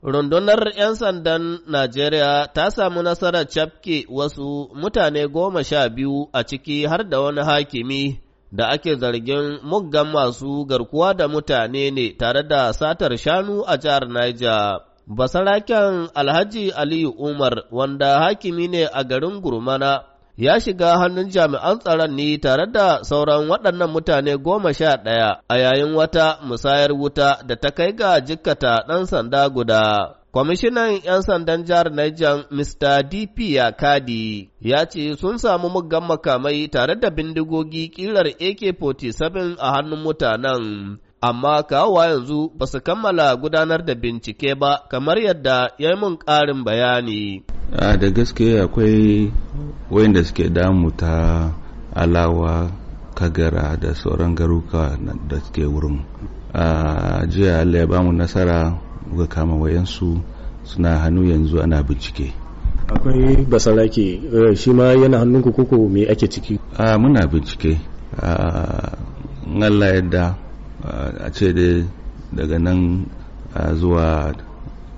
Rundunar ‘yan sandan Najeriya ta samu nasarar cafke wasu mutane goma sha biyu a ciki har da wani hakimi da ake zargin muggan masu garkuwa da mutane ne tare da satar shanu a jihar Niger. Basaraken Alhaji Aliyu Umar, wanda hakimi ne a garin Gurmana, ya shiga hannun jami'an tsaron ne tare da sauran waɗannan mutane goma sha ɗaya a yayin wata musayar wuta da ta kai ga jikkata ɗan sanda guda. Kwamishinan 'yan sandan jihar Niger Mr. DP Yakadi ya ce sun samu muggan makamai tare da bindigogi kilar AK-47 a hannun mutanen. amma kawowa yanzu ba su kammala gudanar da bincike ba kamar yadda ya yi mun ƙarin bayani. a da gaske akwai wayanda suke damu ta alawa kagara da sauran garuka da suke wurin a jiya allah ya bamu nasara ga kama wayansu suna hannu yanzu ana bincike akwai basarake eh, shi ma yana ku koko me ake ciki a muna bincike a yadda a ce daga nan zuwa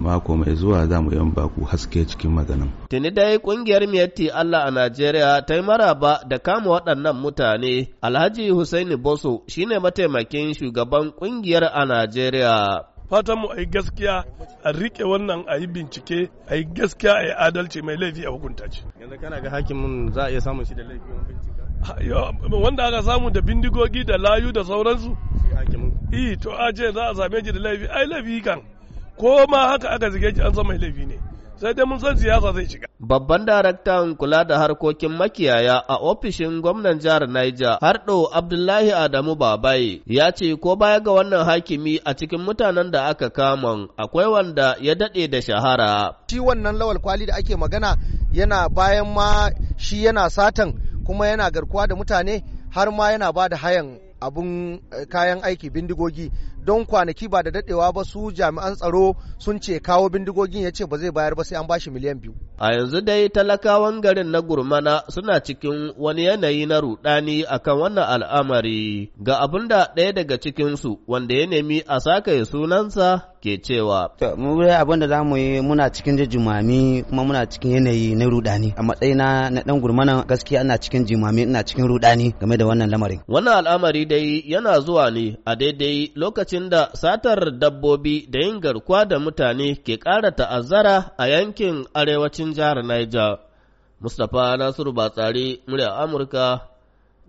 mako mai zuwa za mu yan baku haske cikin maganin. Tuni dai kungiyar miyatti Allah a Najeriya ta yi maraba da kama waɗannan mutane. Alhaji Hussaini Boso shine mataimakin shugaban kungiyar a Najeriya. fatan mu a yi gaskiya a rike wannan a yi bincike a yi gaskiya a yi adalci mai laifi a hukunta ci. yanzu kana ga hakimin za a iya samun shi da laifi wanda aka samu da bindigogi da layu da sauransu hakimin to a ce za a same shi da laifi ai laifi kan ko ma haka aka zige shi an san mai laifi ne sai dai mun san siyasa zai shiga. Babban daraktan kula da harkokin makiyaya a ofishin gwamnan jihar Niger, Hardo Abdullahi Adamu Babai, ya ce ko baya ga wannan hakimi a cikin mutanen da aka kama akwai wanda ya daɗe da shahara. Shi wannan lawal kwali da ake magana yana bayan ma shi yana satan kuma yana garkuwa da mutane har ma yana ba da hayan abun eh, kayan aiki bindigogi don kwanaki ba da dadewa ba su jami'an tsaro sun ce kawo bindigogin ya ce ba zai bayar ba sai an bashi miliyan biyu. A yanzu dai talakawan garin na gurmana suna cikin wani yanayi na rudani akan wannan al'amari ga abin da ɗaya daga cikinsu wanda ya nemi a sakaye sunansa ke cewa. Mu abin da za mu yi muna cikin jimami kuma muna cikin yanayi na rudani a matsayina na dan gurmana gaskiya ana cikin jimami ina cikin rudani game da wannan lamarin. Wannan al'amari dai yana zuwa ne a daidai lokacin lokacin da satar dabbobi da yin garkuwa da mutane ke ƙara ta'azzara a yankin arewacin jihar Niger. Mustapha Nasiru Batsari, murya Amurka,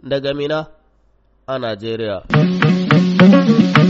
daga Mina a Najeriya.